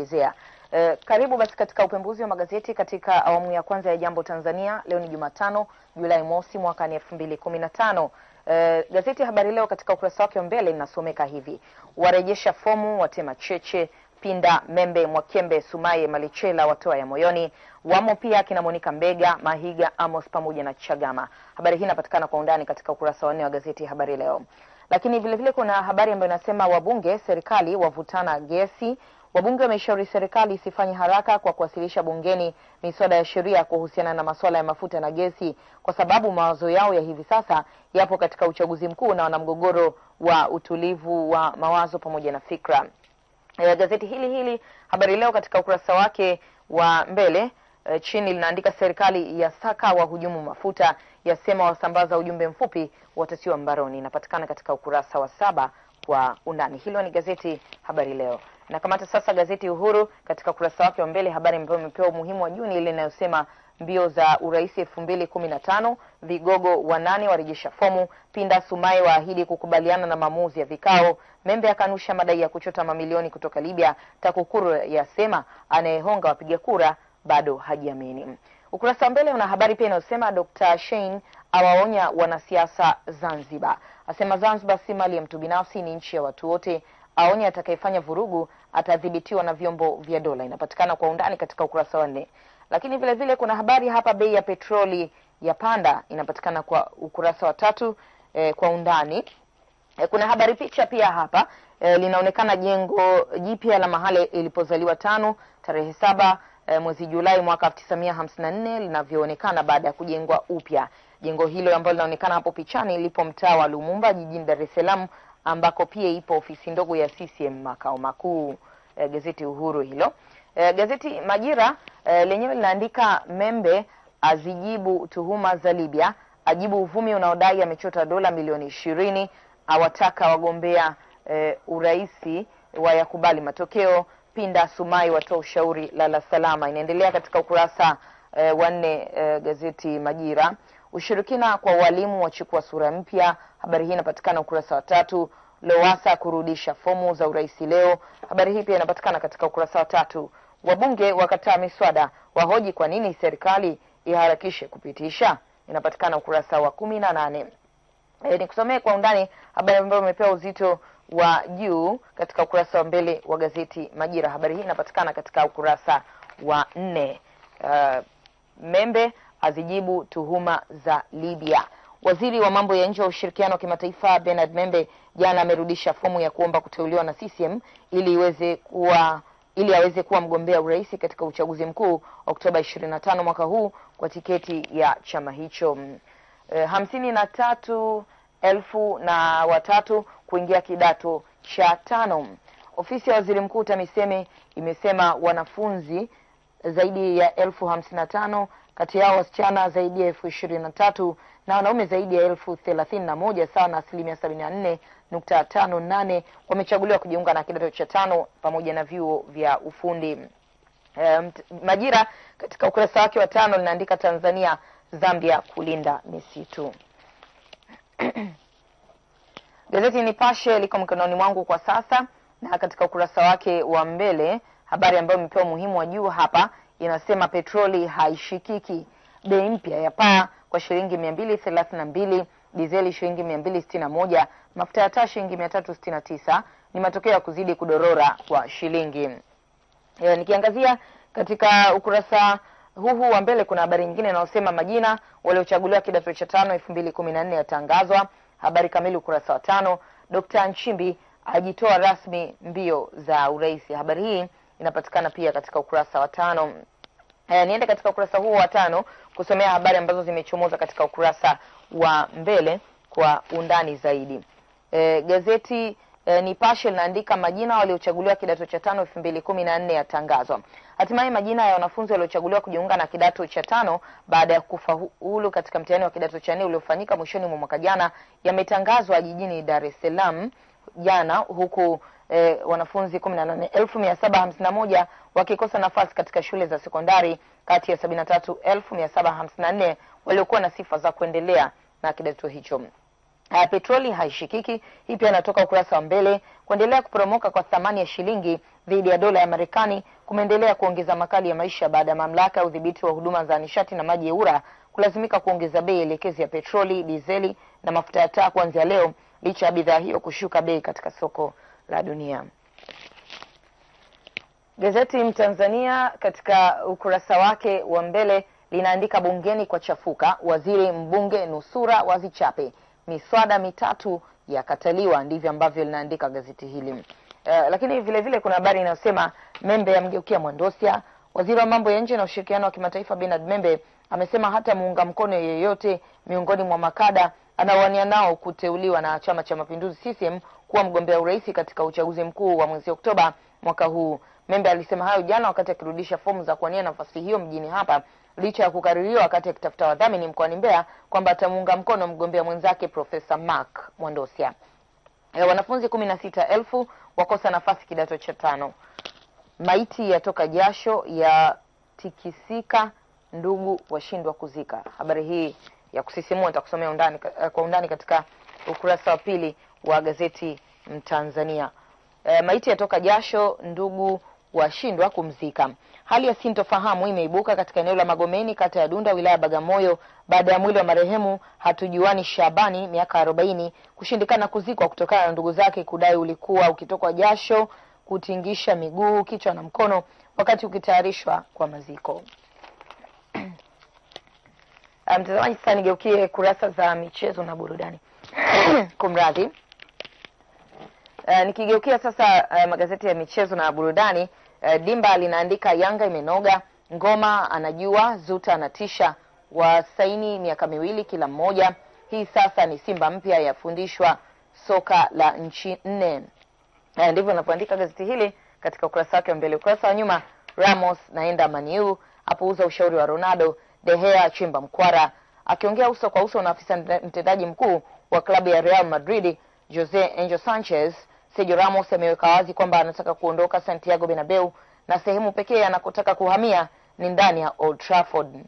Izea. E, eh, karibu basi katika upembuzi wa magazeti katika awamu ya kwanza ya Jambo Tanzania. Leo ni Jumatano, Julai mosi mwaka ni 2015. E, eh, gazeti Habari Leo katika ukurasa wake wa mbele linasomeka hivi: warejesha fomu watema cheche Pinda, Membe, Mwakembe, Sumaye, Malichela watoa ya moyoni. Wamo pia kina Monica Mbega, Mahiga, Amos pamoja na Chagama. Habari hii inapatikana kwa undani katika ukurasa wa nne wa gazeti Habari Leo, lakini vile vile kuna habari ambayo inasema wabunge serikali wavutana gesi Wabunge wameshauri serikali isifanye haraka kwa kuwasilisha bungeni miswada ya sheria kuhusiana na masuala ya mafuta na gesi, kwa sababu mawazo yao ya hivi sasa yapo katika uchaguzi mkuu na wana mgogoro wa utulivu wa mawazo pamoja na fikra. E, gazeti hili hili Habari Leo katika ukurasa wake wa mbele e, chini linaandika serikali ya saka wahujumu mafuta, yasema wasambaza ujumbe mfupi watatiwa mbaroni. Inapatikana katika ukurasa wa saba kwa undani. Hilo ni gazeti Habari Leo. Nakamata sasa gazeti Uhuru katika ukurasa wake wa mbele, habari ambayo imepewa umuhimu wa juu ni ile inayosema mbio za urais elfu mbili kumi na tano vigogo wanane warejesha fomu. Pinda Sumaye waahidi kukubaliana na maamuzi ya vikao. Membe akanusha madai ya kuchota mamilioni kutoka Libya. TAKUKURU yasema anayehonga wapiga kura bado hajiamini. Ukurasa wa mbele una habari pia inayosema Dr. Shein awaonya wanasiasa Zanzibar. Asema Zanzibar si mali ya mtu binafsi, ni nchi ya watu wote. Aonye atakayefanya vurugu atadhibitiwa na vyombo vya dola. Inapatikana kwa undani katika ukurasa wa nne. Lakini vile vile kuna habari hapa, bei ya petroli ya panda, inapatikana kwa ukurasa wa tatu eh, kwa undani eh, kuna habari picha pia hapa eh, linaonekana jengo jipya la mahali ilipozaliwa tano tarehe saba eh, mwezi Julai mwaka 1954 linavyoonekana baada ya kujengwa upya. Jengo hilo ambalo linaonekana hapo pichani lipo mtaa wa Lumumba jijini Dar es Salaam ambako pia ipo ofisi ndogo ya CCM makao makuu. Eh, gazeti Uhuru hilo. Eh, gazeti Majira eh, lenyewe linaandika Membe azijibu tuhuma za Libya, ajibu uvumi unaodai amechota dola milioni ishirini, awataka wagombea eh, uraisi wayakubali matokeo Pinda Sumai watoa ushauri lala salama, inaendelea katika ukurasa e, wa nne e, gazeti Majira. Ushirikina kwa walimu wachukua sura mpya, habari hii inapatikana ukurasa wa tatu. Lowasa kurudisha fomu za urais leo, habari hii pia inapatikana katika ukurasa wa tatu. Wabunge wakataa miswada, wahoji kwa nini serikali iharakishe kupitisha, inapatikana ukurasa wa kumi na nane. E, nikusomee kwa undani habari ambayo imepewa uzito wa juu katika ukurasa wa mbele wa gazeti Majira. Habari hii inapatikana katika ukurasa wa nne. Uh, Membe azijibu tuhuma za Libya. Waziri wa mambo ya nje wa ushirikiano wa kimataifa Bernard Membe jana amerudisha fomu ya kuomba kuteuliwa na CCM ili iweze kuwa ili aweze kuwa mgombea urais katika uchaguzi mkuu Oktoba 25 mwaka huu kwa tiketi ya chama hicho. E, hamsini na tatu elfu na watatu kuingia kidato cha tano. Ofisi ya waziri mkuu TAMISEMI imesema wanafunzi zaidi ya elfu hamsini na tano kati yao wasichana zaidi ya elfu ishirini na tatu na wanaume zaidi ya elfu thelathini na moja sawa na asilimia sabini na nne nukta tano nane wamechaguliwa kujiunga na kidato cha tano pamoja na vyuo vya ufundi. E, Majira katika ukurasa wake wa tano linaandika Tanzania Zambia kulinda misitu Gazeti Nipashe liko mkononi mwangu kwa sasa, na katika ukurasa wake wa mbele habari ambayo imepewa umuhimu wa juu hapa inasema petroli haishikiki, bei mpya ya paa kwa shilingi 232, dizeli shilingi 261, mafuta ya taa shilingi 369. Ni matokeo ya kuzidi kudorora kwa shilingi. E, nikiangazia katika ukurasa huu huu wa mbele kuna habari nyingine inayosema majina waliochaguliwa kidato cha tano 2014 yatangazwa. Habari kamili ukurasa wa tano. Dkt. Nchimbi ajitoa rasmi mbio za urais. Habari hii inapatikana pia katika ukurasa wa tano. E, niende katika ukurasa huo wa tano kusomea habari ambazo zimechomoza katika ukurasa wa mbele kwa undani zaidi. E, gazeti E, Nipashe linaandika majina waliochaguliwa kidato cha tano elfu mbili kumi na nne yatangazwa. Hatimaye majina ya wanafunzi waliochaguliwa kujiunga na kidato cha tano baada ya kufaulu katika mtihani wa kidato cha nne uliofanyika mwishoni mwa mwaka jana yametangazwa jijini Dar es Salaam jana huku e, wanafunzi kumi na nane elfu mia saba hamsini na moja wakikosa nafasi katika shule za sekondari kati ya sabini na tatu elfu mia saba hamsini na nne waliokuwa na sifa za kuendelea na kidato hicho uh, petroli haishikiki. Hii pia inatoka ukurasa wa mbele. Kuendelea kuporomoka kwa thamani ya shilingi dhidi ya dola ya Marekani kumeendelea kuongeza makali ya maisha baada ya mamlaka ya udhibiti wa huduma za nishati na maji URA kulazimika kuongeza bei elekezi ya petroli, dizeli na mafuta ya taa kuanzia leo, licha ya bidhaa hiyo kushuka bei katika soko la dunia. Gazeti Mtanzania katika ukurasa wake wa mbele linaandika bungeni kwa chafuka, waziri mbunge nusura wazichape miswada mitatu yakataliwa, ndivyo ambavyo linaandika gazeti hili uh, lakini vile vile kuna habari inayosema Membe mgeukia Mwandosia. Waziri wa mambo ya nje na ushirikiano wa kimataifa Bernard Membe amesema hata muunga mkono yeyote miongoni mwa makada anawania nao kuteuliwa na Chama cha Mapinduzi CCM kuwa mgombea urais katika uchaguzi mkuu wa mwezi Oktoba mwaka huu. Membe alisema hayo jana wakati akirudisha fomu za kuwania nafasi hiyo mjini hapa licha ya kukaririwa wakati akitafuta wadhamini mkoani Mbeya kwamba atamuunga mkono mgombea mwenzake Profesa Mark Mwandosia. E, wanafunzi kumi na sita elfu wakosa nafasi kidato cha tano. Maiti yatoka jasho ya tikisika, ndugu washindwa kuzika. Habari hii ya kusisimua nitakusomea undani, eh, kwa undani katika ukurasa wa pili wa gazeti Mtanzania. E, maiti yatoka jasho ndugu washindwa kumzika. Hali ya sintofahamu imeibuka katika eneo la Magomeni, kata ya Dunda, wilaya ya Bagamoyo, baada ya mwili wa marehemu Hatujuani Shabani, miaka arobaini, kushindikana kuzikwa kutokana na ndugu zake kudai ulikuwa ukitokwa jasho, kutingisha miguu, kichwa na mkono wakati ukitayarishwa kwa maziko. Ah, mtazamaji, sasa nigeukie kurasa za michezo na burudani. Kumradhi. Uh, nikigeukia sasa uh, magazeti ya michezo na burudani E, Dimba linaandika Yanga imenoga, Ngoma anajua, Zuta anatisha, wasaini miaka miwili kila mmoja. Hii sasa ni Simba mpya yafundishwa soka la nchi nne. E, ndivyo anavyoandika gazeti hili katika ukurasa wake wa mbele. Ukurasa wa nyuma, Ramos naenda Maniu, apuuza ushauri wa Ronaldo, Dehea chimba mkwara. Akiongea uso kwa uso na afisa mtendaji mkuu wa klabu ya Real Madrid Jose Angel Sanchez Sergio Ramos ameweka wazi kwamba anataka kuondoka Santiago Bernabeu na sehemu pekee anakotaka kuhamia ni ndani ya Old Trafford.